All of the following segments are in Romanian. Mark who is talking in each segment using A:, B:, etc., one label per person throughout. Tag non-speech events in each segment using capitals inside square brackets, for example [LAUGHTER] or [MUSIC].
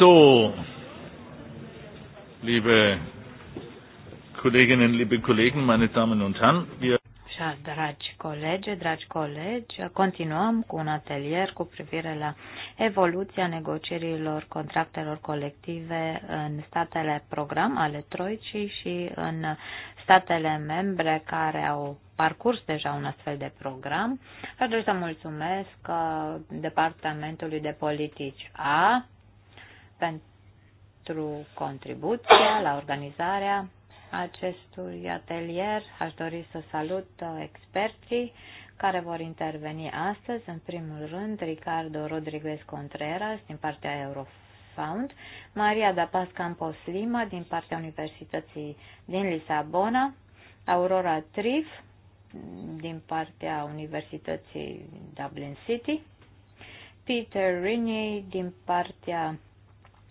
A: So, liebe Kolleginnen, liebe Kollegen, meine Damen und Herren, wir
B: Așa, dragi colegi, dragi colegi, continuăm cu un atelier cu privire la evoluția negocierilor contractelor colective în statele program ale Troicii și în statele membre care au parcurs deja un astfel de program. Aș dori să mulțumesc uh, Departamentului de Politici A pentru contribuția la organizarea acestui atelier. Aș dori să salut uh, experții care vor interveni astăzi. În primul rând, Ricardo Rodriguez Contreras din partea Eurofound, Maria da Paz Campos Lima din partea Universității din Lisabona, Aurora Trif din partea Universității Dublin City, Peter Rini din partea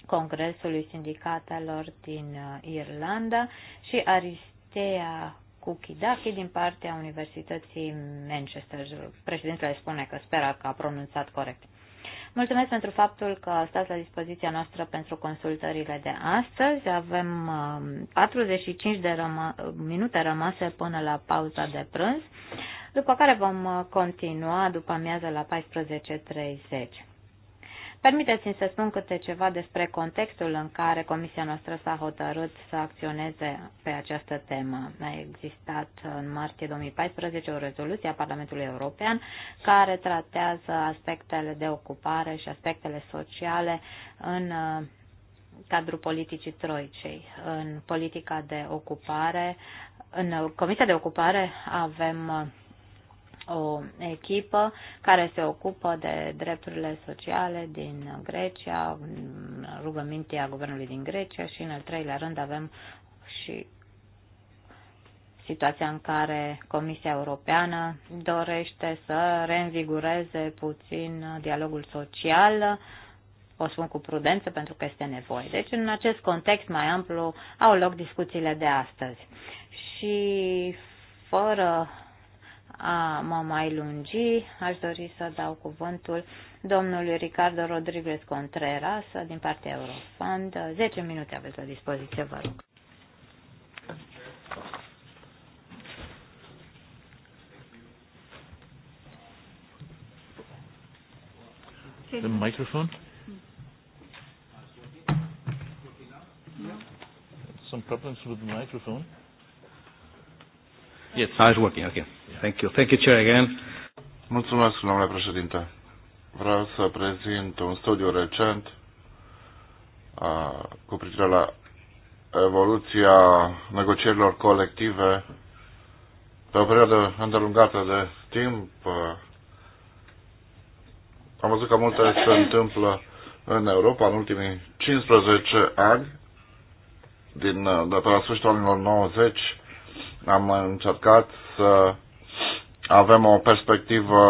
B: Congresului Sindicatelor din uh, Irlanda și Aristea Kukidaki din partea Universității Manchester. Președintele spune că speră că a pronunțat corect. Mulțumesc pentru faptul că stați la dispoziția noastră pentru consultările de astăzi. Avem 45 uh, de răma- minute rămase până la pauza de prânz, după care vom uh, continua după amiază la 14.30. Permiteți-mi să spun câte ceva despre contextul în care Comisia noastră s-a hotărât să acționeze pe această temă. A existat în martie 2014 o rezoluție a Parlamentului European care tratează aspectele de ocupare și aspectele sociale în uh, cadrul politicii troicei. În politica de ocupare, în Comisia de Ocupare avem uh, o echipă care se ocupă de drepturile sociale din Grecia, rugămintea guvernului din Grecia și în al treilea rând avem și situația în care Comisia Europeană dorește să reînvigureze puțin dialogul social, o spun cu prudență pentru că este nevoie. Deci, în acest context mai amplu, au loc discuțiile de astăzi. Și fără a mă mai lungi, aș dori să dau cuvântul domnului Ricardo Rodriguez Contreras din partea Eurofund. 10 minute aveți la dispoziție, vă rog.
C: The microphone?
A: Some problems with the microphone? Yes, now it's working. Okay. Thank you. Thank you, Chair, again. Mulțumesc, domnule președinte. Vreau să prezint un studiu recent a, cu privire la evoluția negocierilor colective pe o perioadă îndelungată de timp. Am văzut că multe se întâmplă în Europa în ultimii 15 ani, din, de pe la sfârșitul anilor 90, am încercat să avem o perspectivă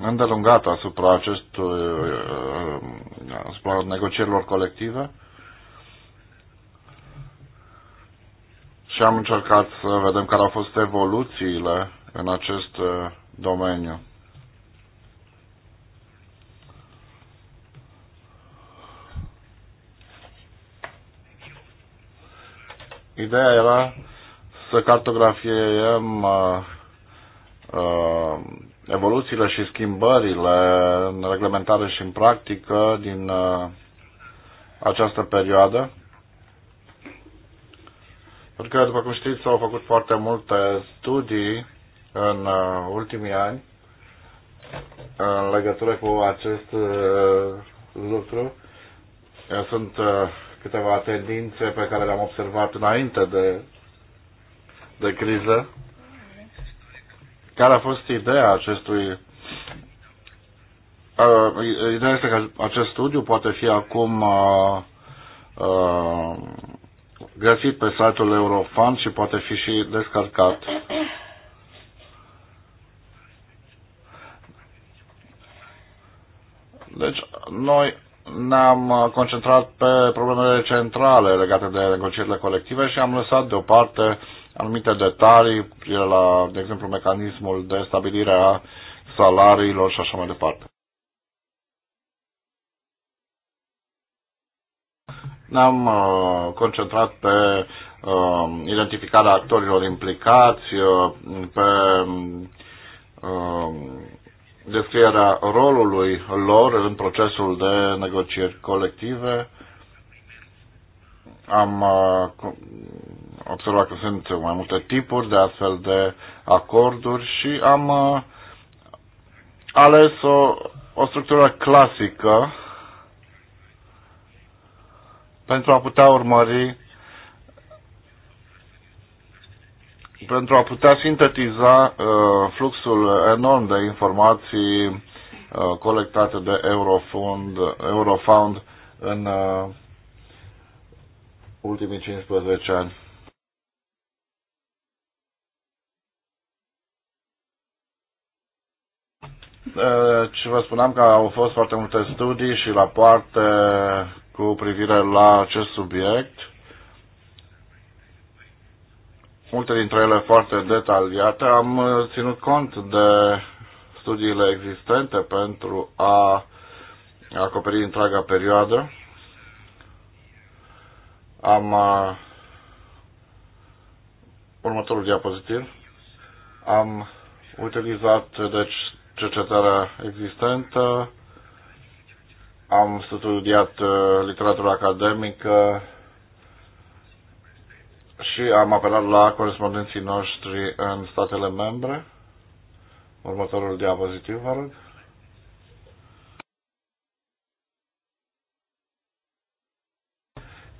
A: îndelungată asupra acestui, uh, asupra negocierilor colective și am încercat să vedem care au fost evoluțiile în acest uh, domeniu. Ideea era să cartografiem uh, uh, evoluțiile și schimbările în reglementare și în practică din uh, această perioadă. Pentru că, după cum știți, s-au făcut foarte multe studii în ultimii ani în legătură cu acest lucru. Sunt câteva tendințe pe care le-am observat înainte de de criză. Care a fost ideea acestui uh, ideea este că acest studiu poate fi acum uh, uh, găsit pe site-ul Eurofund și poate fi și descărcat. Deci, noi ne-am concentrat pe problemele centrale legate de negocierile colective și am lăsat deoparte anumite detalii cu privire la, de exemplu, mecanismul de stabilire a salariilor și așa mai departe. Ne-am uh, concentrat pe uh, identificarea actorilor implicați, uh, pe uh, descrierea rolului lor în procesul de negocieri colective, am uh, observat că sunt mai multe tipuri de astfel de acorduri și am uh, ales o, o structură clasică pentru a putea urmări pentru a putea sintetiza uh, fluxul enorm de informații uh, colectate de Eurofund, Eurofound în uh, ultimii 15 ani. Ce eh, vă spuneam că au fost foarte multe studii și la parte cu privire la acest subiect. Multe dintre ele foarte detaliate. Am eh, ținut cont de studiile existente pentru a acoperi întreaga perioadă. Am uh, următorul diapozitiv. Am utilizat deci cercetarea existentă, am studiat uh, literatura academică și am apelat la corespondenții noștri în statele membre. Următorul diapozitiv, vă rog.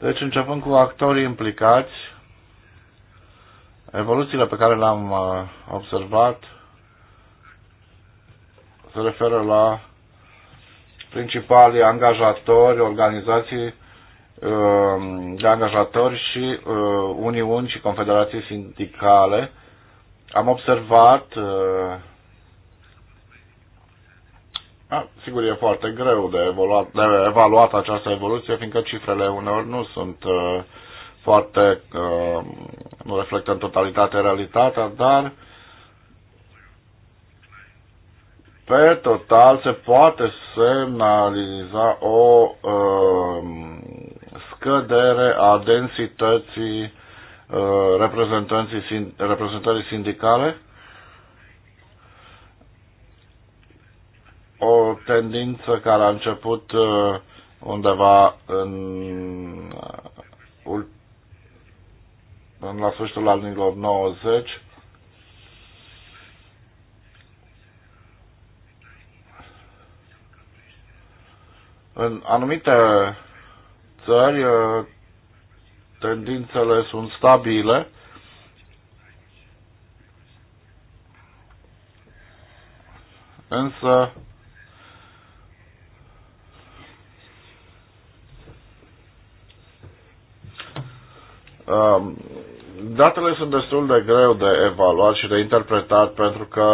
A: Deci, începând cu actorii implicați, evoluțiile pe care le-am uh, observat se referă la principalii angajatori, organizații uh, de angajatori și uh, uniuni și confederații sindicale. Am observat a, da, sigur, e foarte greu de, evoluat, de evaluat această evoluție, fiindcă cifrele uneori nu sunt uh, foarte, uh, nu reflectă în totalitate realitatea, dar pe total se poate semnaliza o uh, scădere a densității uh, reprezentanții, reprezentării sindicale o tendință care a început uh, undeva în, uh, în la sfârșitul anilor 90 în anumite țări uh, tendințele sunt stabile însă datele sunt destul de greu de evaluat și de interpretat pentru că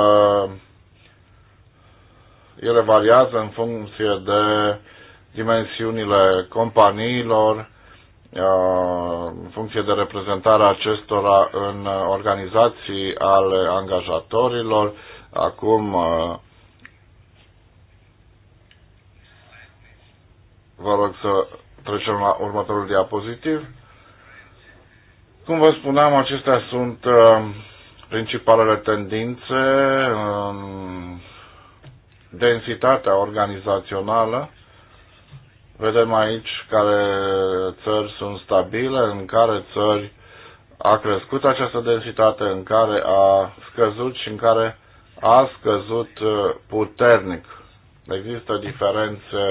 A: ele variază în funcție de dimensiunile companiilor, în funcție de reprezentarea acestora în organizații ale angajatorilor. Acum vă rog să trecem la următorul diapozitiv. Cum vă spuneam, acestea sunt uh, principalele tendințe în densitatea organizațională. Vedem aici care țări sunt stabile, în care țări a crescut această densitate, în care a scăzut și în care a scăzut uh, puternic. Există diferențe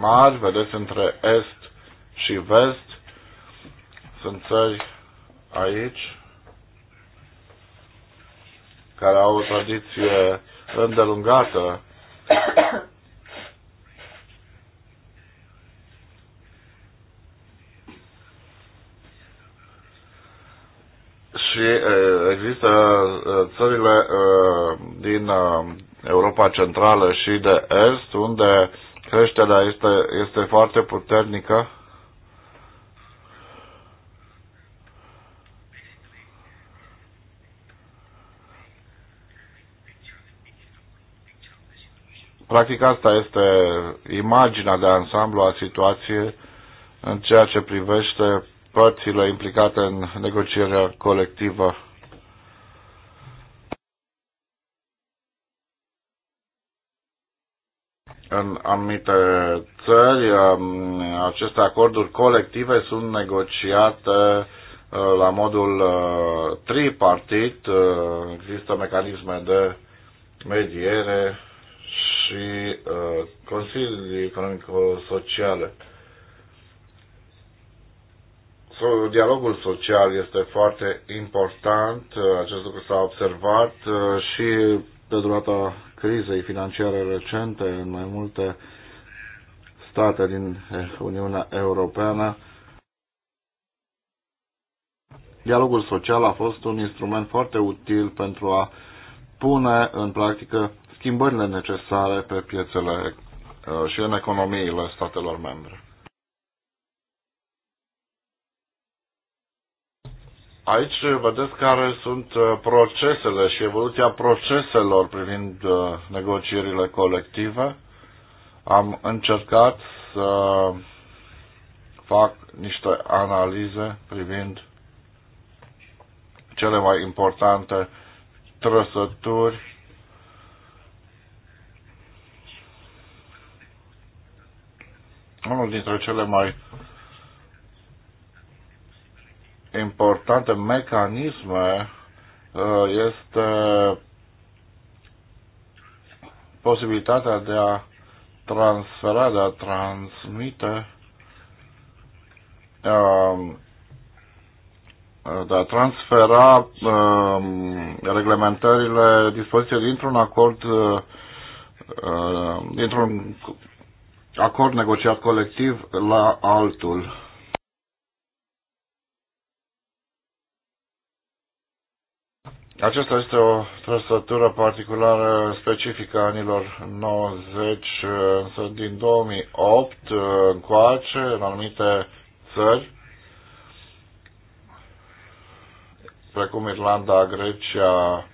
A: mari, vedeți, între est și vest. Sunt țări aici care au o tradiție îndelungată și eh, există eh, țările eh, din Europa Centrală și de Est unde creșterea este, este foarte puternică Practic asta este imaginea de ansamblu a situației în ceea ce privește părțile implicate în negocierea colectivă. În anumite țări, aceste acorduri colective sunt negociate uh, la modul uh, tripartit, uh, există mecanisme de mediere, și uh, Consiliului economico social So, dialogul social este foarte important, uh, acest lucru s-a observat uh, și pe durata crizei financiare recente în mai multe state din eh, Uniunea Europeană. Dialogul social a fost un instrument foarte util pentru a pune în practică schimbările necesare pe piețele uh, și în economiile statelor membre. Aici vedeți care sunt uh, procesele și evoluția proceselor privind uh, negocierile colective. Am încercat să fac niște analize privind cele mai importante trăsături unul dintre cele mai importante mecanisme uh, este posibilitatea de a transfera, de a transmite um, de a transfera um, reglementările dispoziției dintr-un acord uh, uh, dintr-un acord negociat colectiv la altul. Aceasta este o trăsătură particulară specifică anilor 90, însă din 2008 uh, încoace, în anumite țări, precum Irlanda, Grecia,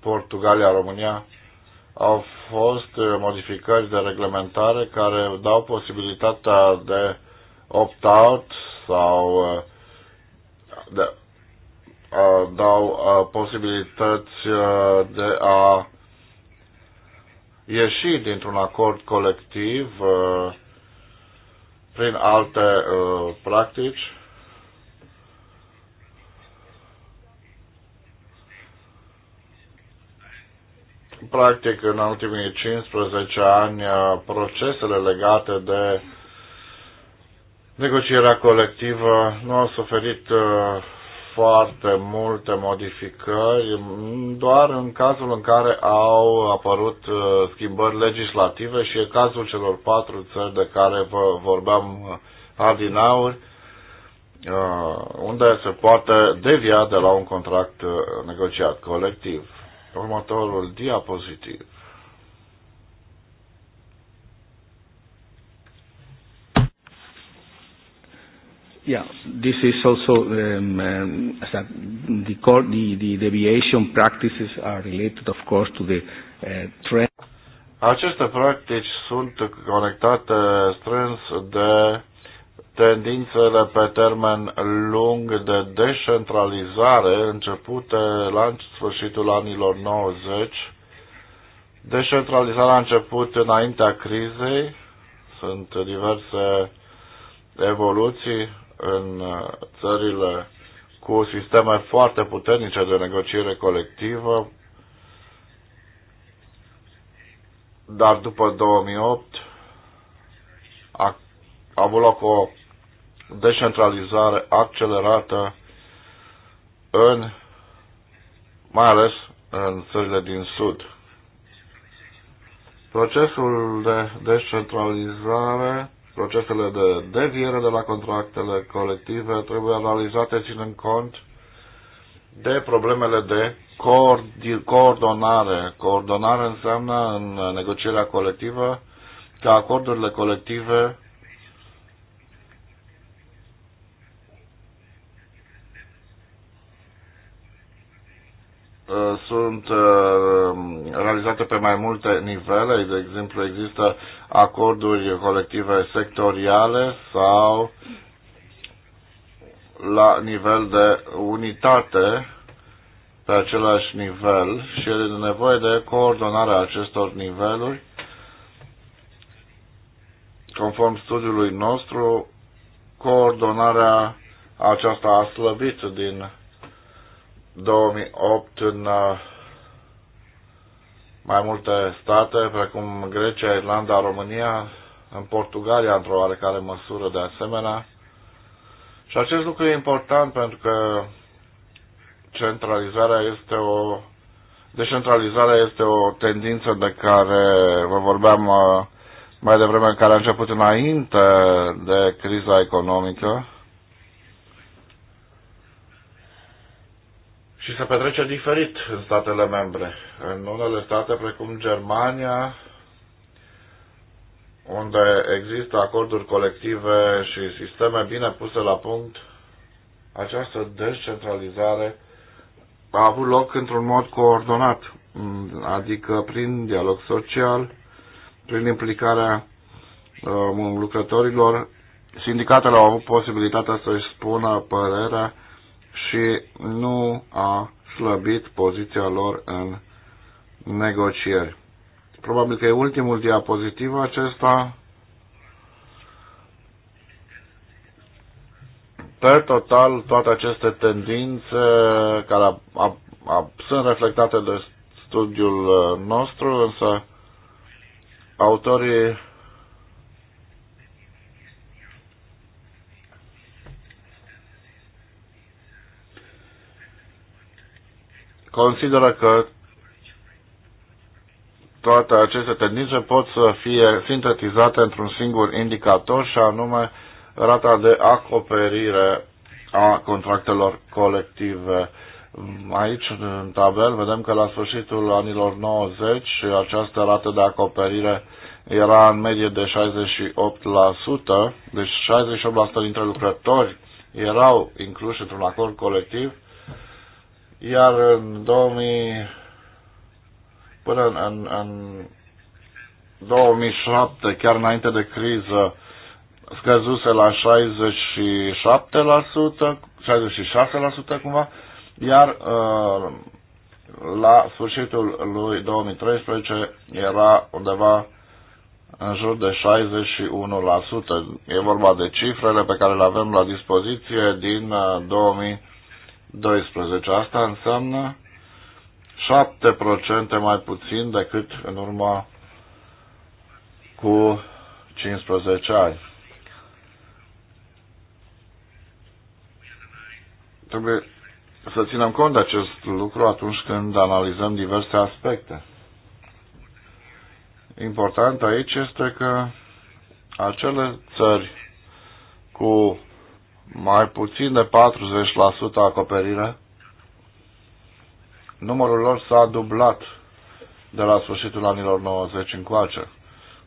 A: Portugalia, România, au fost modificări de reglementare care dau posibilitatea de opt-out sau uh, de, uh, dau uh, posibilități de a ieși dintr-un acord colectiv prin alte practici practic, în ultimii 15 ani, uh, procesele legate de negocierea colectivă nu au suferit uh, foarte multe modificări, doar în cazul în care au apărut uh, schimbări legislative și e cazul celor patru țări de care vă vorbeam adinauri, unde se poate devia de la un contract negociat colectiv. Următorul diapozitiv.
C: Yeah, this is also um, um, the, core, the, the deviation practices are related, of course, to the uh, trend.
A: Aceste practici sunt conectate strâns de uh, tendințele pe termen lung de descentralizare începute la sfârșitul anilor 90. Decentralizarea a început înaintea crizei, sunt diverse evoluții în țările cu sisteme foarte puternice de negociere colectivă, dar după 2008 a, a avut loc o decentralizare accelerată în, mai ales în țările din Sud. Procesul de descentralizare, procesele de deviere de la contractele colective trebuie analizate ținând cont de problemele de coordonare. Coordonare înseamnă în negocierea colectivă ca acordurile colective sunt uh, realizate pe mai multe nivele, de exemplu există acorduri colective sectoriale sau la nivel de unitate pe același nivel și e nevoie de coordonarea acestor niveluri. Conform studiului nostru, coordonarea aceasta a slăbit din 2008 în uh, mai multe state, precum Grecia, Irlanda, România, în Portugalia, într-o oarecare măsură de asemenea. Și acest lucru e important pentru că centralizarea este o decentralizarea este o tendință de care vă vorbeam uh, mai devreme, care a început înainte de criza economică și se petrece diferit în statele membre. În unele state, precum Germania, unde există acorduri colective și sisteme bine puse la punct, această descentralizare a avut loc într-un mod coordonat, adică prin dialog social, prin implicarea um, lucrătorilor. Sindicatele au avut posibilitatea să-și spună părerea și nu a slăbit poziția lor în negocieri. Probabil că e ultimul diapozitiv acesta. Pe total, toate aceste tendințe care a, a, a, sunt reflectate de studiul uh, nostru, însă autorii consideră că toate aceste tendințe pot să fie sintetizate într-un singur indicator și anume rata de acoperire a contractelor colective. Aici, în tabel, vedem că la sfârșitul anilor 90 această rată de acoperire era în medie de 68%, deci 68% dintre lucrători erau incluși într-un acord colectiv iar în 2000 până în, în, în 2007, chiar înainte de criză, scăzuse la 67%, 66% cumva, iar uh, la sfârșitul lui 2013 era undeva în jur de 61%. E vorba de cifrele pe care le avem la dispoziție din 2000 uh, 12. Asta înseamnă 7% mai puțin decât în urma cu 15 ani. Trebuie să ținem cont de acest lucru atunci când analizăm diverse aspecte. Important aici este că acele țări cu mai puțin de 40% acoperire. Numărul lor s-a dublat de la sfârșitul anilor 90 încoace.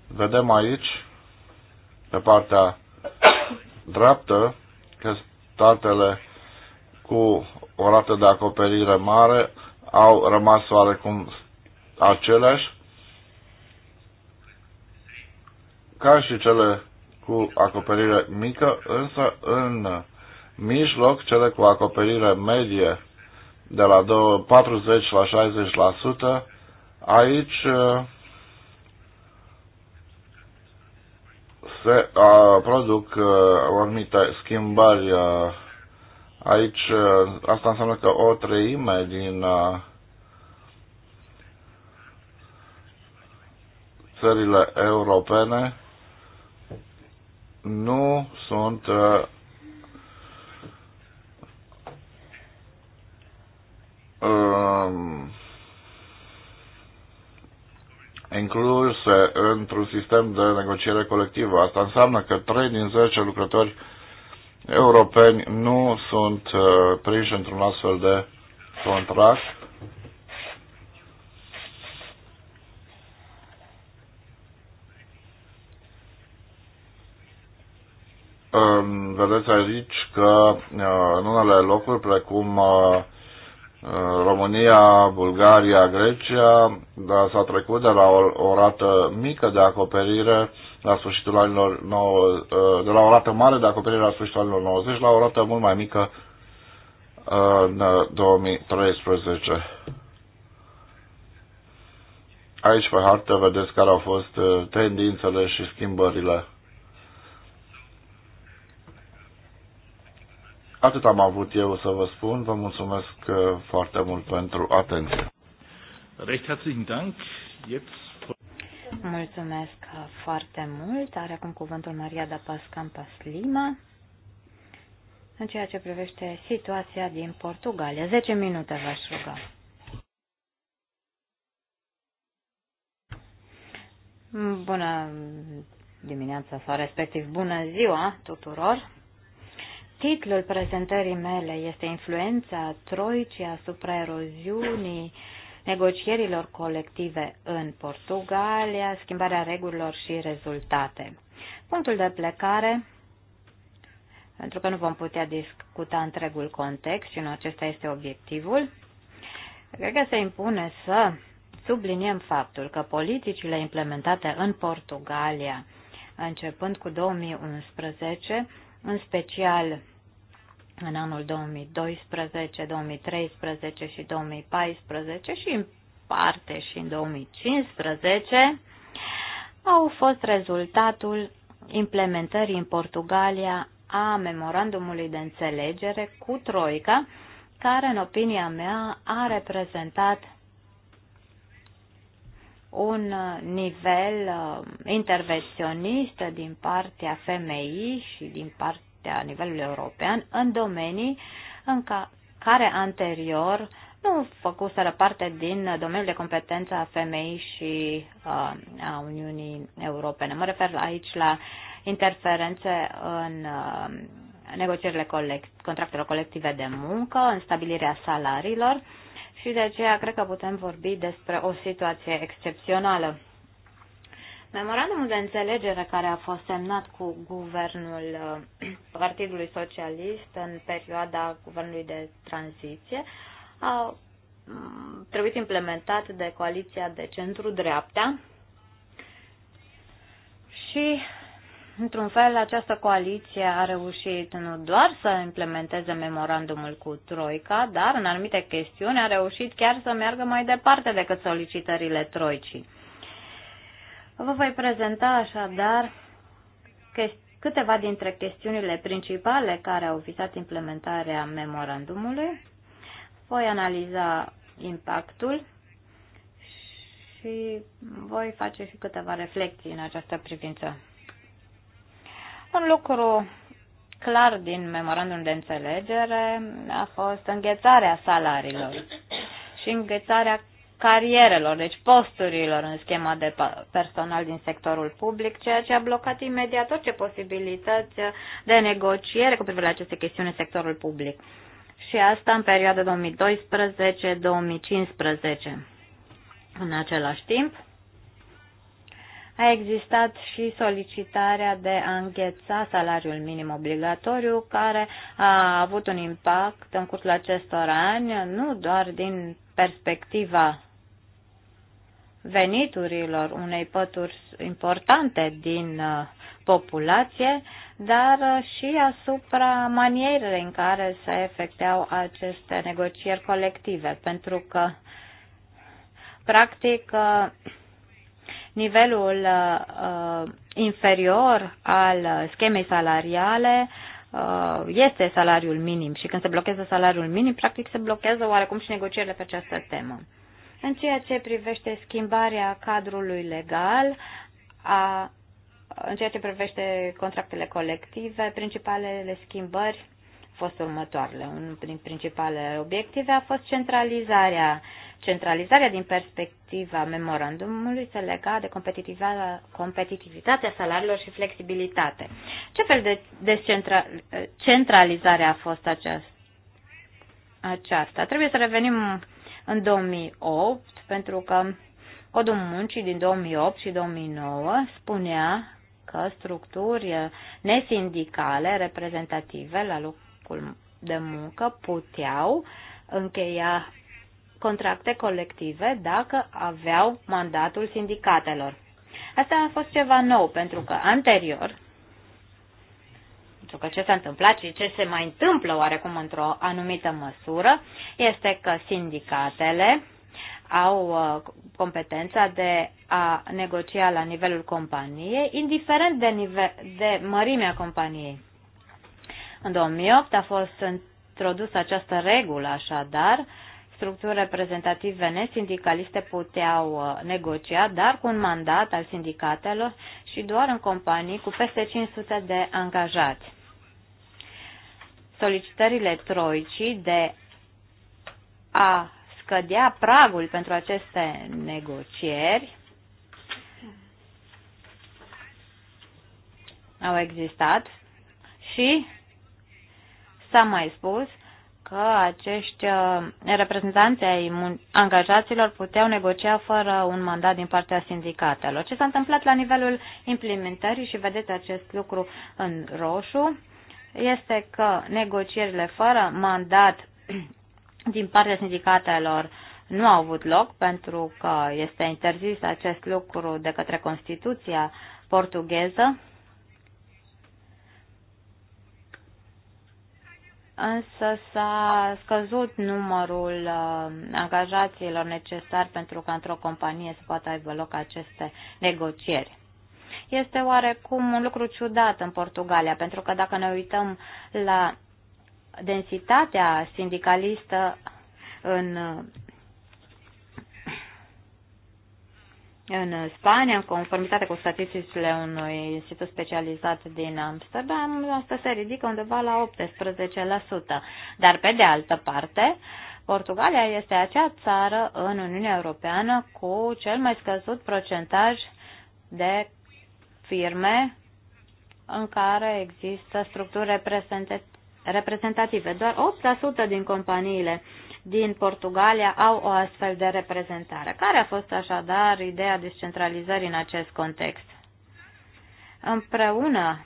A: Vedem aici, pe partea dreaptă, că statele cu o rată de acoperire mare au rămas oarecum aceleași ca și cele cu acoperire mică, însă în mijloc, cele cu acoperire medie de la 40 la 60%, aici uh, se uh, produc uh, anumite schimbări. Aici asta înseamnă că o treime din țările europene nu sunt uh, um, incluse într-un sistem de negociere colectivă. Asta înseamnă că 3 din 10 lucrători europeni nu sunt uh, prinși într-un astfel de contract vedeți aici că în unele locuri, precum România, Bulgaria, Grecia, da, s-a trecut de la o, rată mică de acoperire la sfârșitul anilor 90, de la o rată mare de acoperire la sfârșitul anilor 90 la o rată mult mai mică în 2013. Aici pe hartă vedeți care au fost tendințele și schimbările. Atât am avut eu să vă spun. Vă mulțumesc uh, foarte mult pentru atenție. Recht herzlichen Dank. Jetzt
B: Mulțumesc foarte mult. Are acum cuvântul Maria da Pascan Paslima în ceea ce privește situația din Portugalia. 10 minute v-aș ruga. Bună dimineața sau respectiv bună ziua tuturor. Titlul prezentării mele este Influența Troicii asupra eroziunii negocierilor colective în Portugalia, schimbarea regulilor și rezultate. Punctul de plecare, pentru că nu vom putea discuta întregul context și nu acesta este obiectivul, cred că se impune să subliniem faptul că politicile implementate în Portugalia, începând cu 2011, în special în anul 2012, 2013 și 2014 și în parte și în 2015, au fost rezultatul implementării în Portugalia a memorandumului de înțelegere cu Troica, care, în opinia mea, a reprezentat un uh, nivel uh, intervenționist din partea femeii și din partea nivelului european în domenii în care anterior nu făcuseră parte din domeniul de competență a femeii și uh, a Uniunii Europene. Mă refer aici la interferențe în negocierile colect- contractelor colective de muncă, în stabilirea salariilor, uh, și de aceea cred că putem vorbi despre o situație excepțională. Memorandumul de înțelegere care a fost semnat cu guvernul uh, [CLEARS THROAT] Partidului Socialist în perioada guvernului de tranziție a mm, trebuit implementat de coaliția de centru-dreapta și într-un fel, această coaliție a reușit nu doar să implementeze memorandumul cu Troica, dar în anumite chestiuni a reușit chiar să meargă mai departe decât solicitările Troicii. Vă voi prezenta așadar câteva dintre chestiunile principale care au vizat implementarea memorandumului. Voi analiza impactul și voi face și câteva reflexii în această privință. Un lucru clar din memorandum de înțelegere a fost înghețarea salariilor și înghețarea carierelor, deci posturilor în schema de personal din sectorul public, ceea ce a blocat imediat orice posibilități de negociere cu privire la aceste chestiuni în sectorul public. Și asta în perioada 2012-2015. În același timp, a existat și solicitarea de a îngheța salariul minim obligatoriu, care a avut un impact în cursul acestor ani, nu doar din perspectiva veniturilor unei pături importante din uh, populație, dar uh, și asupra manierei în care se efecteau aceste negocieri colective, pentru că, practic, uh, nivelul uh, uh, inferior al schemei salariale uh, este salariul minim și când se blochează salariul minim, practic se blochează oarecum și negocierile pe această temă. În ceea ce privește schimbarea cadrului legal, a, în ceea ce privește contractele colective, principalele schimbări fost următoarele. Unul din principalele obiective a fost centralizarea uh, Centralizarea din perspectiva memorandumului se lega de competitivitatea salariilor și flexibilitate. Ce fel de descentralizare a fost aceasta? Trebuie să revenim în 2008, pentru că Codul Muncii din 2008 și 2009 spunea că structuri nesindicale reprezentative la locul de muncă puteau încheia contracte colective dacă aveau mandatul sindicatelor. Asta a fost ceva nou, pentru că anterior, pentru că ce s-a întâmplat și ce se mai întâmplă oarecum într-o anumită măsură, este că sindicatele au uh, competența de a negocia la nivelul companiei, indiferent de, nivel, de mărimea companiei. În 2008 a fost introdusă această regulă, așadar, structuri reprezentative nesindicaliste puteau uh, negocia, dar cu un mandat al sindicatelor și doar în companii cu peste 500 de angajați. Solicitările troicii de a scădea pragul pentru aceste negocieri au existat și s-a mai spus că acești uh, reprezentanți ai angajaților puteau negocia fără un mandat din partea sindicatelor. Ce s-a întâmplat la nivelul implementării și vedeți acest lucru în roșu, este că negocierile fără mandat [CLEARS THROAT] din partea sindicatelor nu au avut loc pentru că este interzis acest lucru de către Constituția portugheză însă s-a scăzut numărul uh, angajaților necesari pentru că într-o companie să poată aibă loc aceste negocieri. Este oarecum un lucru ciudat în Portugalia, pentru că dacă ne uităm la densitatea sindicalistă în uh, În Spania, în conformitate cu statisticile unui institut specializat din Amsterdam, asta se ridică undeva la 18%. Dar pe de altă parte, Portugalia este acea țară în Uniunea Europeană cu cel mai scăzut procentaj de firme în care există structuri reprezentative. Doar 8% din companiile uh, din Portugalia au o astfel de reprezentare. Care a fost așadar ideea descentralizării în acest context? Împreună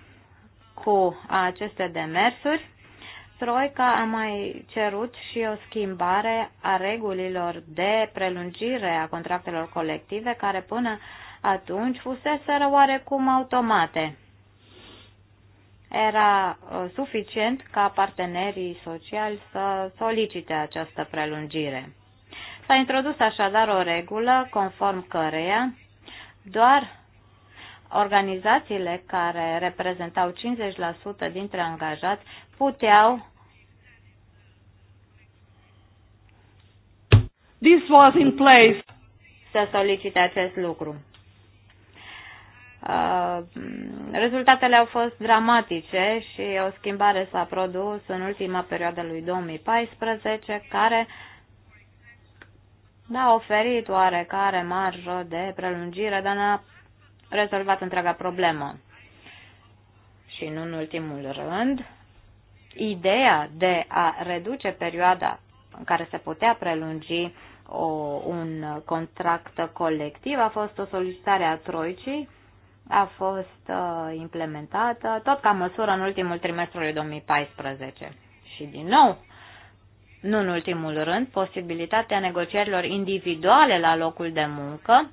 B: cu aceste demersuri, Troica a mai cerut și o schimbare a regulilor de prelungire a contractelor colective care până atunci fuseseră oarecum automate era uh, suficient ca partenerii sociali să solicite această prelungire. S-a introdus așadar o regulă conform căreia doar organizațiile care reprezentau 50% dintre angajați puteau This was in place. să solicite acest lucru. Uh, Rezultatele au fost dramatice și o schimbare s-a produs în ultima perioadă lui 2014, care n-a oferit oarecare marjă de prelungire, dar n-a rezolvat întreaga problemă. Și nu în ultimul rând, ideea de a reduce perioada în care se putea prelungi o, un contract colectiv a fost o solicitare a Troicii a fost uh, implementată tot ca măsură în ultimul trimestru lui 2014. Și din nou, nu în ultimul rând, posibilitatea negocierilor individuale la locul de muncă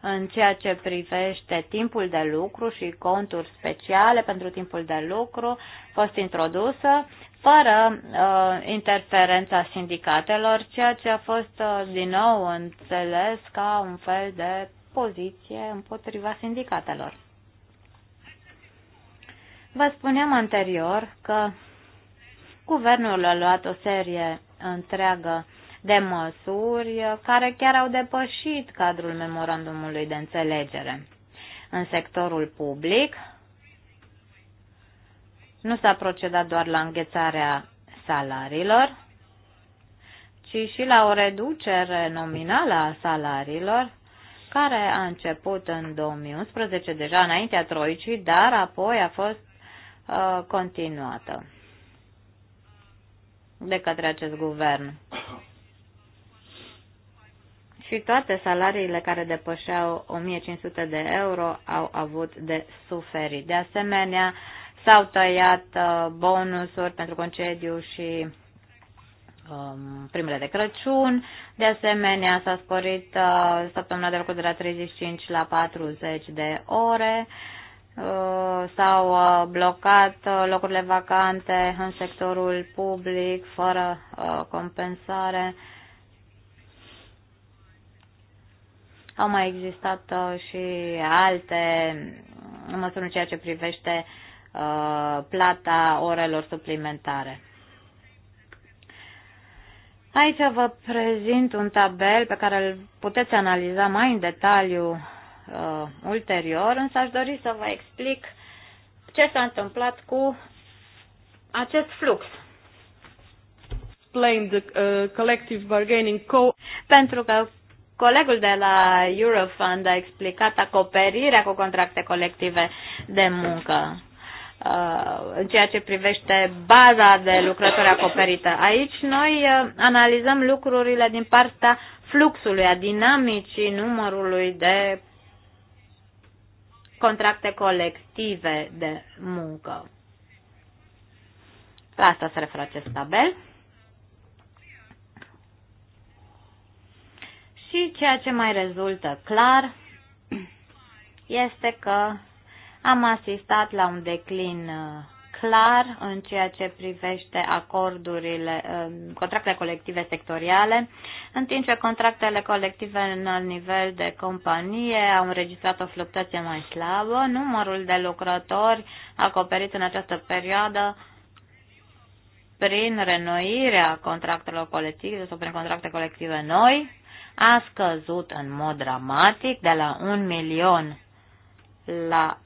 B: în ceea ce privește timpul de lucru și conturi speciale pentru timpul de lucru a fost introdusă fără uh, interferența sindicatelor, ceea ce a fost uh, din nou înțeles ca un fel de poziție împotriva sindicatelor. Vă spuneam anterior că guvernul a luat o serie întreagă de măsuri care chiar au depășit cadrul memorandumului de înțelegere. În sectorul public nu s-a procedat doar la înghețarea salariilor, ci și la o reducere nominală a salariilor, care a început în 2011, deja înaintea Troicii, dar apoi a fost uh, continuată de către acest guvern. Și toate salariile care depășeau 1500 de euro au avut de suferit. De asemenea, s-au tăiat uh, bonusuri pentru concediu și um, primele de Crăciun. De asemenea, s-a sporit uh, săptămâna de lucru de la 35 la 40 de ore. Uh, s-au uh, blocat uh, locurile vacante în sectorul public fără compensare. Au mai existat și alte măsuri în ceea ce privește plata orelor suplimentare. Aici vă prezint un tabel pe care îl puteți analiza mai în detaliu uh, ulterior, însă aș dori să vă explic ce s-a întâmplat cu acest flux. The, uh, collective bargaining co- Pentru că colegul de la Eurofund a explicat acoperirea cu contracte colective de muncă. Uh, în ceea ce privește baza de lucrători acoperită. Aici noi uh, analizăm lucrurile din partea fluxului, a dinamicii numărului de contracte colective de muncă. La asta se referă acest tabel. Și ceea ce mai rezultă clar este că am asistat la un declin uh, clar în ceea ce privește acordurile, uh, contractele colective sectoriale, în timp ce contractele colective în nivel de companie au înregistrat o fluctuație mai slabă, numărul de lucrători acoperiți în această perioadă prin renoirea contractelor colective sau prin contracte colective noi a scăzut în mod dramatic de la un milion la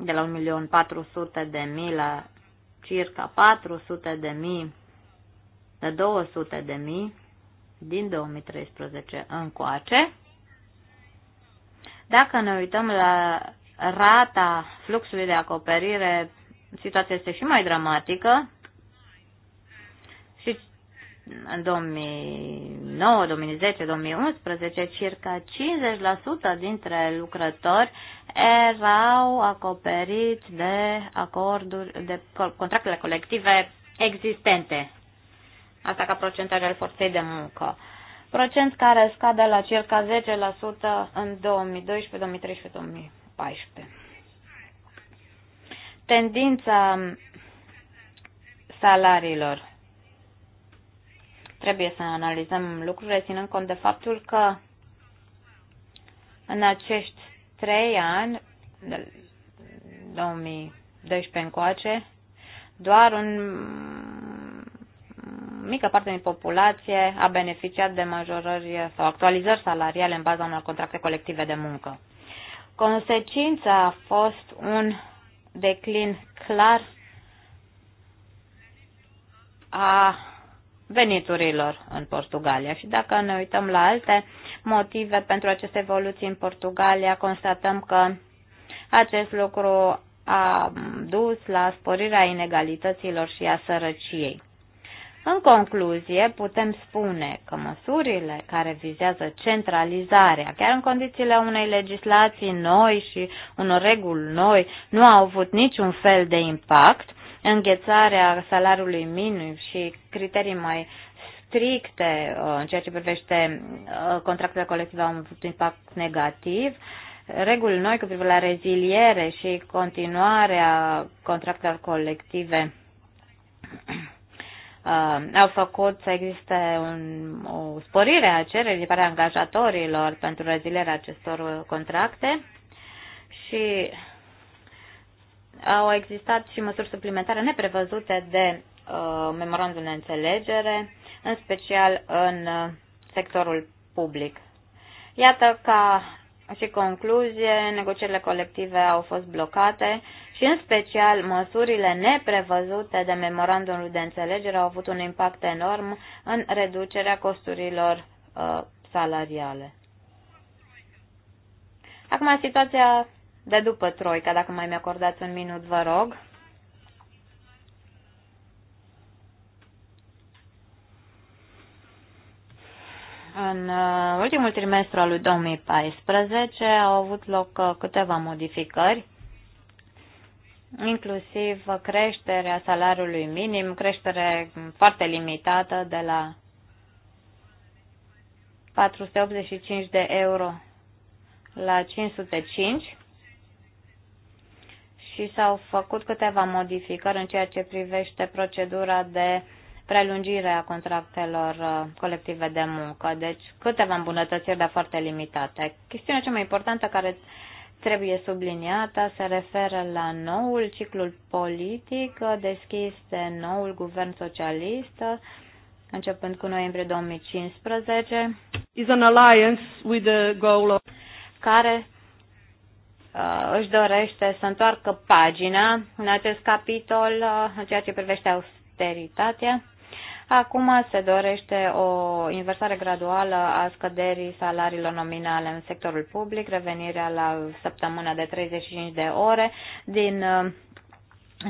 B: de la 1.400.000 la circa 400.000 de 200.000 din 2013 încoace. Dacă ne uităm la rata fluxului de acoperire, situația este și mai dramatică în 2009, 2010, 2011, circa 50% dintre lucrători erau acoperiți de acorduri, de contractele colective existente. Asta ca procentaj al forței de muncă. Procent care scade la circa 10% în 2012, 2013, 2014. Tendința salariilor Trebuie să analizăm lucrurile ținând cont de faptul că în acești trei ani, 2012 încoace, doar un mică parte din populație a beneficiat de majorări sau actualizări salariale în baza unor contracte colective de muncă. Consecința a fost un declin clar a veniturilor în Portugalia. Și dacă ne uităm la alte motive pentru aceste evoluții în Portugalia, constatăm că acest lucru a dus la sporirea inegalităților și a sărăciei. În concluzie, putem spune că măsurile care vizează centralizarea, chiar în condițiile unei legislații noi și unor reguli noi, nu au avut niciun fel de impact înghețarea salariului minim și criterii mai stricte uh, în ceea ce privește uh, contractele colective au avut un impact negativ. Reguli noi cu privire la reziliere și continuarea contractelor colective uh, au făcut să existe un, o sporire a cererii din angajatorilor pentru rezilierea acestor contracte și au existat și măsuri suplimentare neprevăzute de uh, memorandul de înțelegere, în special în uh, sectorul public. Iată ca și concluzie, negocierile colective au fost blocate și în special măsurile neprevăzute de memorandumul de înțelegere au avut un impact enorm în reducerea costurilor uh, salariale. Acum situația de după Troica, dacă mai mi-acordați un minut, vă rog. În uh, ultimul trimestru al lui 2014 au avut loc uh, câteva modificări, inclusiv creșterea salariului minim, creștere foarte limitată de la 485 de euro la 505 și s-au făcut câteva modificări în ceea ce privește procedura de prelungire a contractelor uh, colective de muncă. Deci câteva îmbunătățiri, dar foarte limitate. Chestiunea cea mai importantă care trebuie subliniată se referă la noul ciclu politic uh, deschis de noul guvern socialist uh, începând cu noiembrie 2015
C: is an alliance with the
B: goal of care Uh, își dorește să întoarcă pagina în acest capitol uh, în ceea ce privește austeritatea. Acum se dorește o inversare graduală a scăderii salariilor nominale în sectorul public, revenirea la săptămâna de 35 de ore din uh,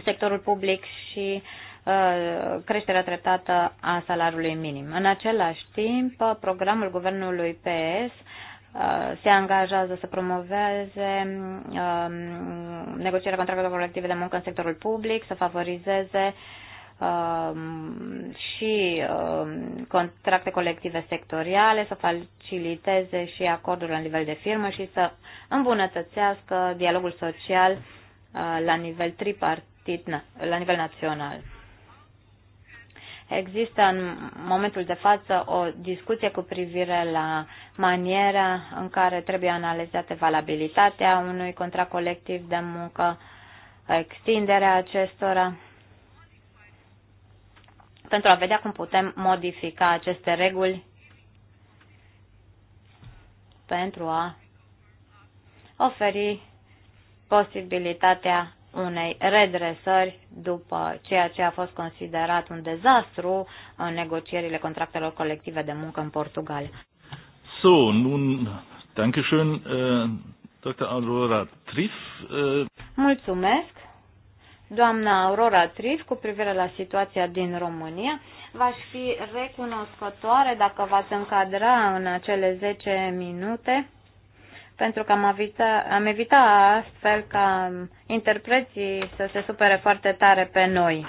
B: sectorul public și creșterea treptată a salariului minim. În același timp, programul guvernului PS Uh, se angajează să promoveze um, negocierea contractelor colective de muncă în sectorul public, să favorizeze um, și um, contracte colective sectoriale, să faciliteze și acordurile la nivel de firmă și să îmbunătățească dialogul social uh, la nivel tripartit, la nivel național. Există în momentul de față o discuție cu privire la maniera în care trebuie analizată valabilitatea unui contract colectiv de muncă, extinderea acestora, pentru a vedea cum putem modifica aceste reguli pentru a oferi posibilitatea unei redresări după ceea ce a fost considerat un dezastru în negocierile contractelor colective de muncă în Portugalia.
A: So, nun, danke schön, uh, äh, Dr. Aurora Trif. Uh... Äh.
B: Mulțumesc, doamna Aurora Trif, cu privire la situația din România. V-aș fi recunoscătoare dacă v-ați încadra în acele 10 minute pentru că am, avita, am evita astfel ca interpreții să se supere foarte tare pe noi.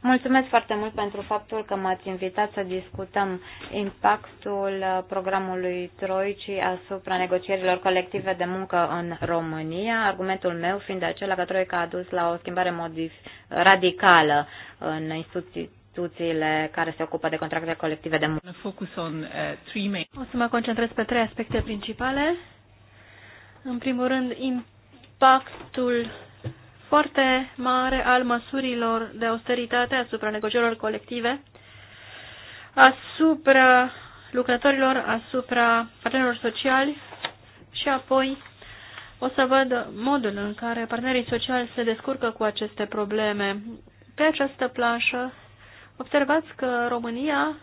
B: Mulțumesc foarte mult pentru faptul că m-ați invitat să discutăm impactul programului Troicii asupra negocierilor colective de muncă în România, argumentul meu fiind acela că Troica a dus la o schimbare modif- radicală în instituții instituțiile
C: care se ocupă de contracte colective de muncă. Uh, o să mă concentrez pe trei aspecte principale. În primul rând, impactul foarte mare al măsurilor de austeritate asupra negocierilor colective, asupra lucrătorilor, asupra partenerilor sociali și apoi o să văd modul în care partenerii sociali se descurcă cu aceste probleme. Pe această planșă Observați că România,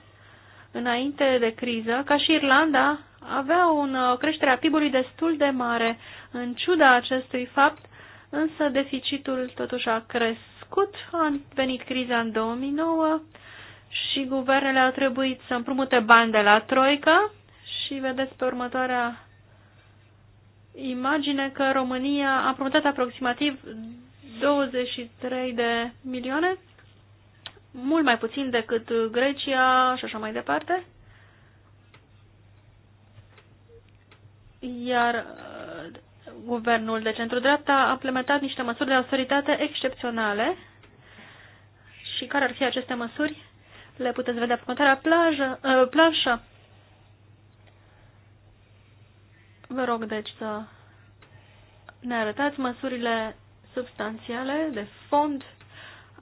C: înainte de criză, ca și Irlanda, avea o creștere a PIB-ului destul de mare. În ciuda acestui fapt, însă deficitul totuși a crescut. A venit criza în 2009 și guvernele au trebuit să împrumute bani de la Troica și vedeți pe următoarea imagine că România a împrumutat aproximativ 23 de milioane mult mai puțin decât Grecia și așa mai departe. Iar uh, guvernul de centru-dreapta a implementat niște măsuri de austeritate excepționale. Și care ar fi aceste măsuri? Le puteți vedea pe contarea plajă, uh, Vă rog, deci, să ne arătați măsurile substanțiale de fond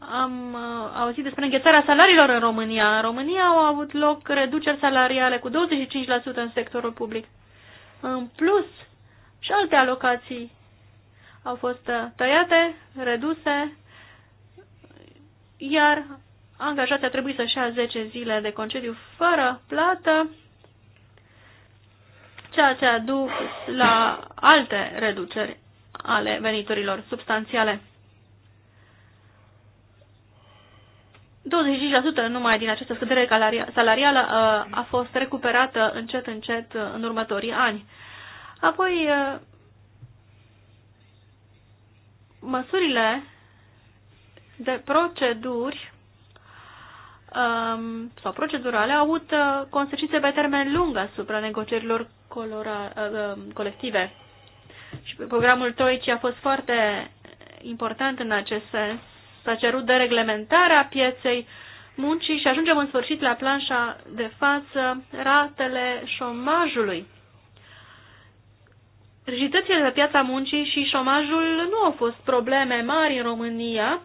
C: am uh, auzit despre înghețarea salariilor în România. În România au avut loc reduceri salariale cu 25% în sectorul public. În plus, și alte alocații au fost uh, tăiate, reduse, iar angajații a trebuit să-și ia 10 zile de concediu fără plată, ceea ce a dus la alte reduceri ale veniturilor substanțiale. 25% numai din această scădere salarială uh, a fost recuperată încet, încet uh, în următorii ani. Apoi, uh, măsurile de proceduri um, sau procedurale au avut consecințe pe termen lung asupra negocierilor colective. Și programul Troici a fost foarte important în acest sens S-a cerut de reglementarea pieței muncii și ajungem în sfârșit la planșa de față ratele șomajului. Rigiditățile de pe piața muncii și șomajul nu au fost probleme mari în România,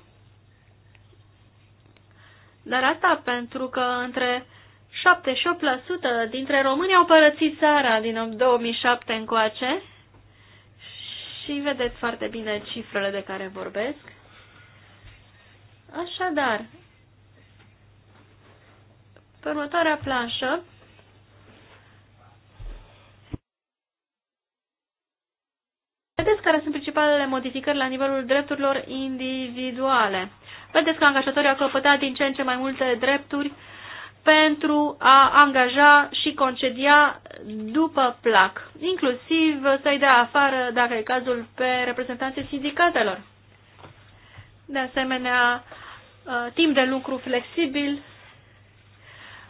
C: dar asta pentru că între 7 și 8% dintre români au părățit țara din 2007 încoace și vedeți foarte bine cifrele de care vorbesc. Așadar, pe următoarea planșă, Vedeți care sunt principalele modificări la nivelul drepturilor individuale. Vedeți că angajatorii au căpătat din ce în ce mai multe drepturi pentru a angaja și concedia după plac, inclusiv să-i dea afară, dacă e cazul, pe reprezentanții sindicatelor. De asemenea, Uh, timp de lucru flexibil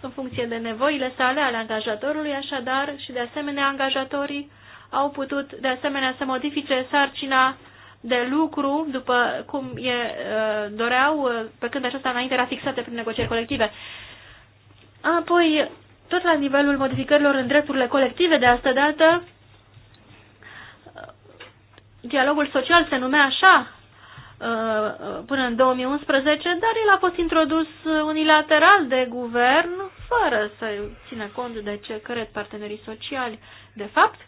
C: în funcție de nevoile sale ale angajatorului, așadar, și de asemenea angajatorii au putut de asemenea să modifice sarcina de lucru după cum e, uh, doreau, uh, pe când aceasta înainte era fixată prin negocieri colective. Apoi, tot la nivelul modificărilor în drepturile colective de astă dată, dialogul social se numea așa, Uh, până în 2011, dar el a fost introdus unilateral de guvern, fără să țină cont de ce cred partenerii sociali, de fapt,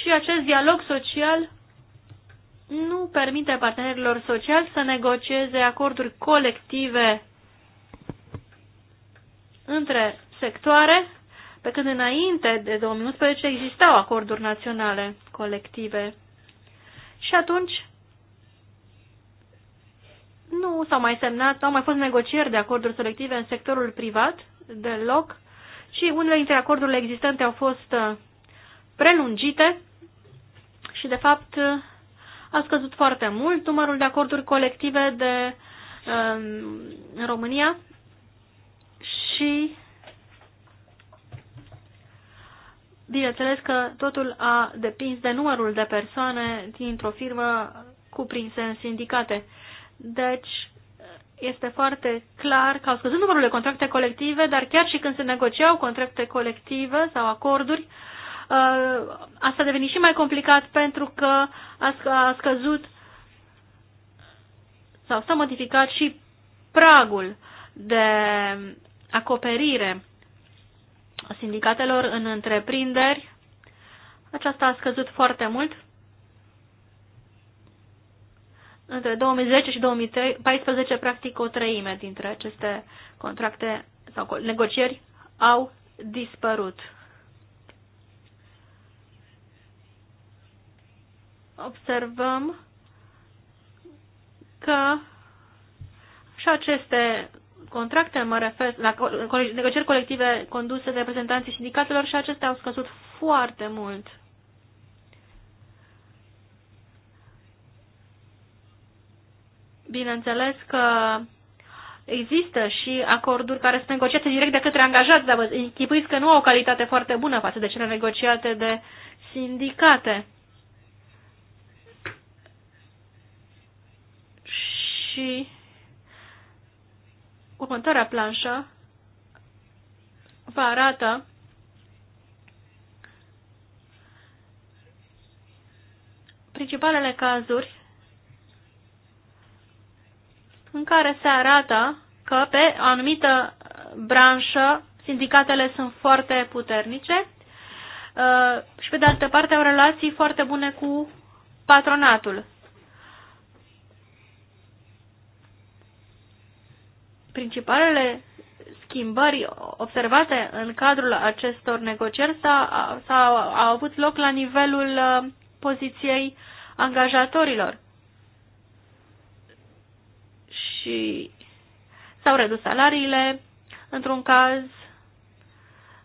C: și acest dialog social nu permite partenerilor sociali să negocieze acorduri colective între sectoare, pe când înainte de 2011 existau acorduri naționale colective. Și atunci nu s-au mai semnat, au mai fost negocieri de acorduri selective în sectorul privat deloc și unele dintre acordurile existente au fost uh, prelungite și, de fapt, uh, a scăzut foarte mult numărul de acorduri colective de, um, în România și, bineînțeles că totul a depins de numărul de persoane dintr-o firmă cuprinse în sindicate. Deci, este foarte clar că au scăzut numărul de contracte colective, dar chiar și când se negociau contracte colective sau acorduri, uh, asta a devenit și mai complicat pentru că a scăzut sau s-a modificat și pragul de acoperire a sindicatelor în întreprinderi. Aceasta a scăzut foarte mult între 2010 și 2014, practic, o treime dintre aceste contracte sau negocieri au dispărut. Observăm că și aceste contracte, mă refer la negocieri colective conduse de reprezentanții sindicatelor și acestea au scăzut foarte mult. Bineînțeles că există și acorduri care sunt negociate direct de către angajați, dar vă închipuiți că nu au o calitate foarte bună față de cele negociate de sindicate. Și următoarea planșă vă arată principalele cazuri în care se arată că pe o anumită branșă sindicatele sunt foarte puternice uh, și pe de altă parte au relații foarte bune cu patronatul. Principalele schimbări observate în cadrul acestor negocieri s-au, avut loc la nivelul uh, poziției angajatorilor și s-au redus salariile, într-un caz,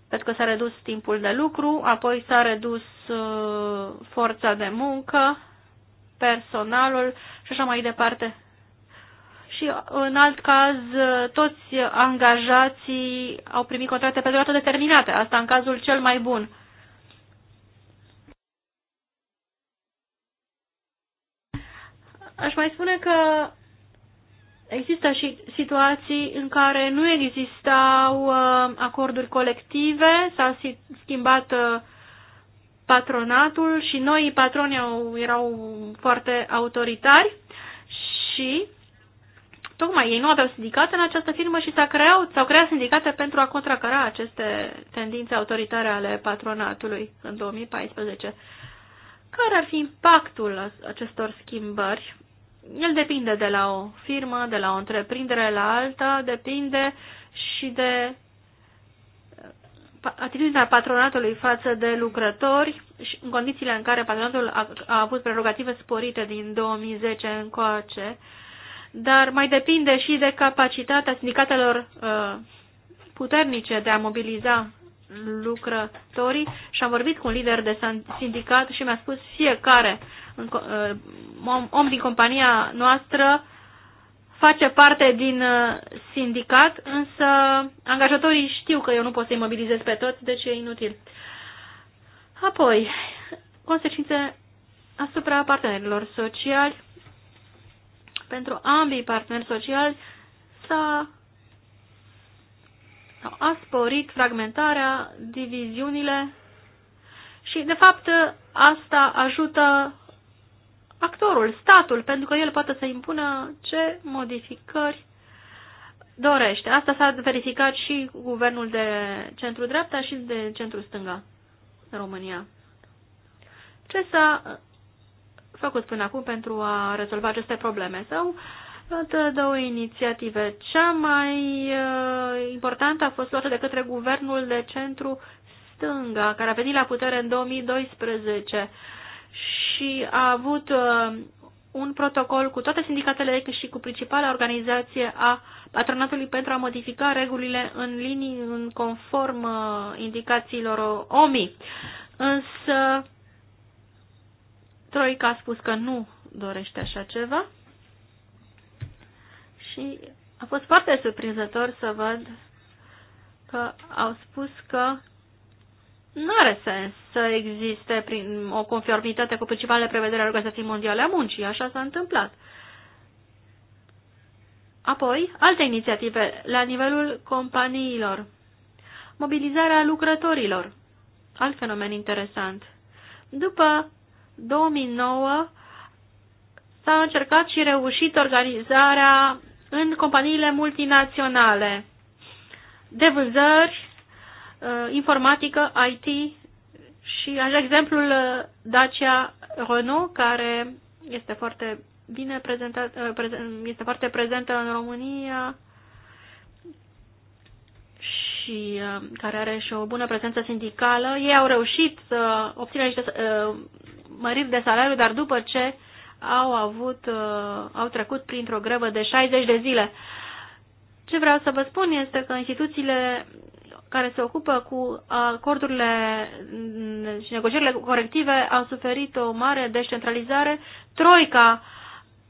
C: pentru că s-a redus timpul de lucru, apoi s-a redus uh, forța de muncă, personalul și așa mai departe. Și în alt caz, uh, toți angajații au primit contracte pe durată determinată, asta în cazul cel mai bun. Aș mai spune că Există și situații în care nu existau uh, acorduri colective, s-a schimbat uh, patronatul și noi patroni au, erau foarte autoritari și tocmai ei nu aveau sindicate în această firmă și s-au creat, s-au creat sindicate pentru a contracara aceste tendințe autoritare ale patronatului în 2014. Care ar fi impactul acestor schimbări? el depinde de la o firmă, de la o întreprindere la alta, depinde și de uh, atitudinea patronatului față de lucrători și în condițiile în care patronatul a, a avut prerogative sporite din 2010 încoace, dar mai depinde și de capacitatea sindicatelor uh, puternice de a mobiliza lucrătorii și am vorbit cu un lider de sindicat și mi-a spus fiecare uh, uh, om din compania noastră face parte din uh, sindicat, însă angajatorii știu că eu nu pot să-i mobilizez pe toți, deci e inutil. Apoi, consecințe asupra partenerilor sociali. Pentru ambii parteneri sociali s-a a sporit fragmentarea, diviziunile și, de fapt, asta ajută actorul, statul, pentru că el poate să impună ce modificări dorește. Asta s-a verificat și guvernul de centru-dreapta și de centru-stânga în România. Ce s-a uh, făcut până acum pentru a rezolva aceste probleme? Sau alte uh, două inițiative. Cea mai uh, importantă a fost luată de către guvernul de centru-stânga, care a venit la putere în 2012 și a avut uh, un protocol cu toate sindicatele și cu principala organizație a patronatului pentru a modifica regulile în linii în conform uh, indicațiilor OMI. Însă Troica a spus că nu dorește așa ceva și a fost foarte surprinzător să văd că au spus că nu are sens să existe prin o conformitate cu principalele prevederi ale Organizației Mondiale a Muncii. Așa s-a întâmplat. Apoi, alte inițiative la nivelul companiilor. Mobilizarea lucrătorilor. Alt fenomen interesant. După 2009 s-a încercat și reușit organizarea în companiile multinaționale de vânzări Uh, informatică, IT și așa da exemplul uh, Dacia Renault, care este foarte bine prezentat, uh, este foarte prezentă în România și care are și o bună prezență sindicală. Ei au reușit să obțină niște măriri de salariu, dar după ce au avut, au trecut printr-o grevă de 60 de zile. Ce vreau să vă spun este că instituțiile care se ocupă cu acordurile și negocierile corective a suferit o mare descentralizare. Troica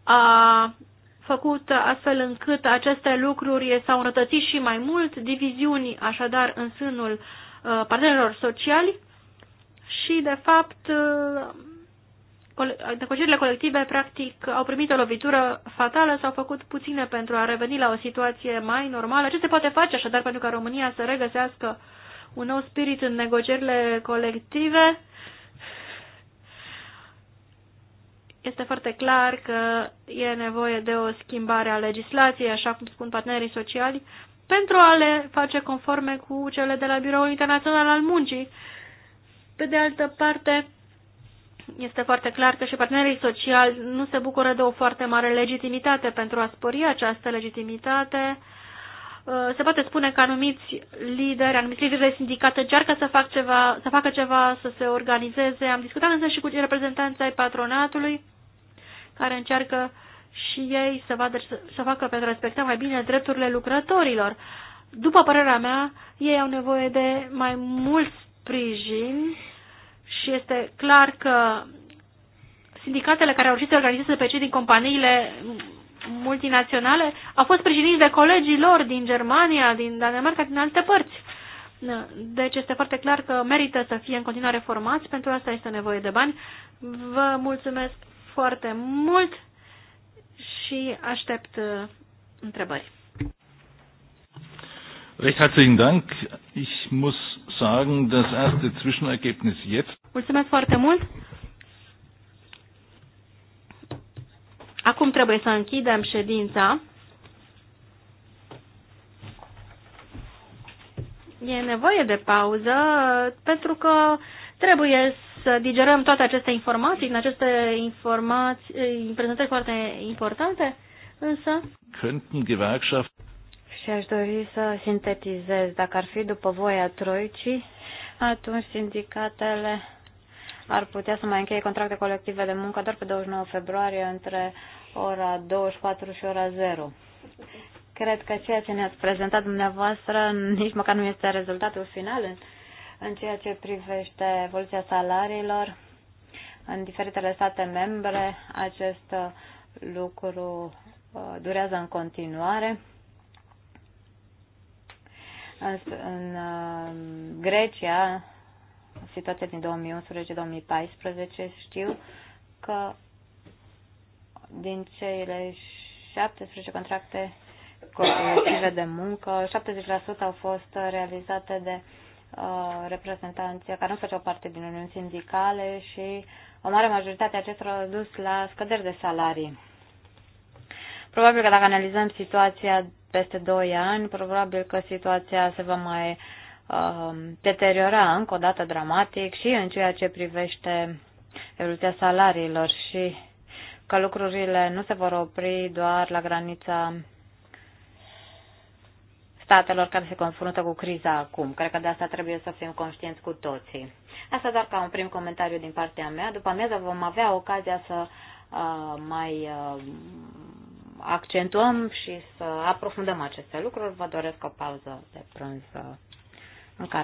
C: a făcut astfel încât aceste lucruri s-au înrătățit și mai mult, diviziuni așadar în sânul partenerilor sociali și, de fapt, negocierile colective, practic, au primit o lovitură fatală, s-au făcut puține pentru a reveni la o situație mai normală. Ce se poate face așadar pentru ca România să regăsească un nou spirit în negocierile colective? Este foarte clar că e nevoie de o schimbare a legislației, așa cum spun partenerii sociali, pentru a le face conforme cu cele de la Biroul Internațional al Muncii. Pe de altă parte, este foarte clar că și partenerii sociali nu se bucură de o foarte mare legitimitate. Pentru a spori această legitimitate, uh, se poate spune că anumiți lideri, anumiți lideri de sindicat încearcă să, fac ceva, să facă ceva, să se organizeze. Am discutat însă și cu reprezentanții ai patronatului, care încearcă și ei să, vadă, să facă pentru a respecta mai bine drepturile lucrătorilor. După părerea mea, ei au nevoie de mai mult sprijin și este clar că sindicatele care au reușit să organizeze pe cei din companiile multinaționale au fost sprijiniți de colegii lor din Germania, din Danemarca, din alte părți. Deci este foarte clar că merită să fie în continuare formați, pentru asta este nevoie de bani. Vă mulțumesc foarte mult și aștept uh, întrebări.
A: Recht herzlichen Dank. Ich muss sagen, das erste Zwischenergebnis jetzt.
C: Mulțumesc foarte mult. Acum trebuie să închidem ședința. E nevoie de pauză pentru că trebuie să digerăm toate aceste informații, în aceste informații, prezentări foarte importante, însă...
A: Könnten Gewerkschaften
C: și aș dori să sintetizez.
B: Dacă ar fi după voia Troicii, atunci sindicatele ar putea să mai încheie contracte colective de muncă doar pe 29 februarie între ora 24 și ora 0. Cred că ceea ce ne-ați prezentat dumneavoastră nici măcar nu este rezultatul final în, în ceea ce privește evoluția salariilor. În diferitele state membre acest lucru uh, durează în continuare. În um, Grecia, situația din 2011-2014, știu că din cele 17 contracte
C: colective de
B: muncă, 70% au fost realizate de uh, reprezentanții care nu făceau parte din uniuni sindicale și o mare majoritate acestora au dus la scăderi de salarii. Probabil că dacă analizăm situația peste 2 ani, probabil că situația se va mai um, deteriora încă o dată dramatic și în ceea ce privește evoluția salariilor și că lucrurile nu se vor opri doar la granița statelor care se confruntă cu criza acum. Cred că de asta trebuie să fim conștienți cu toții. Asta doar ca un prim comentariu din partea mea. După amiază vom avea ocazia să uh, mai uh, accentuăm și să aprofundăm aceste lucruri. Vă doresc o pauză de prânz în care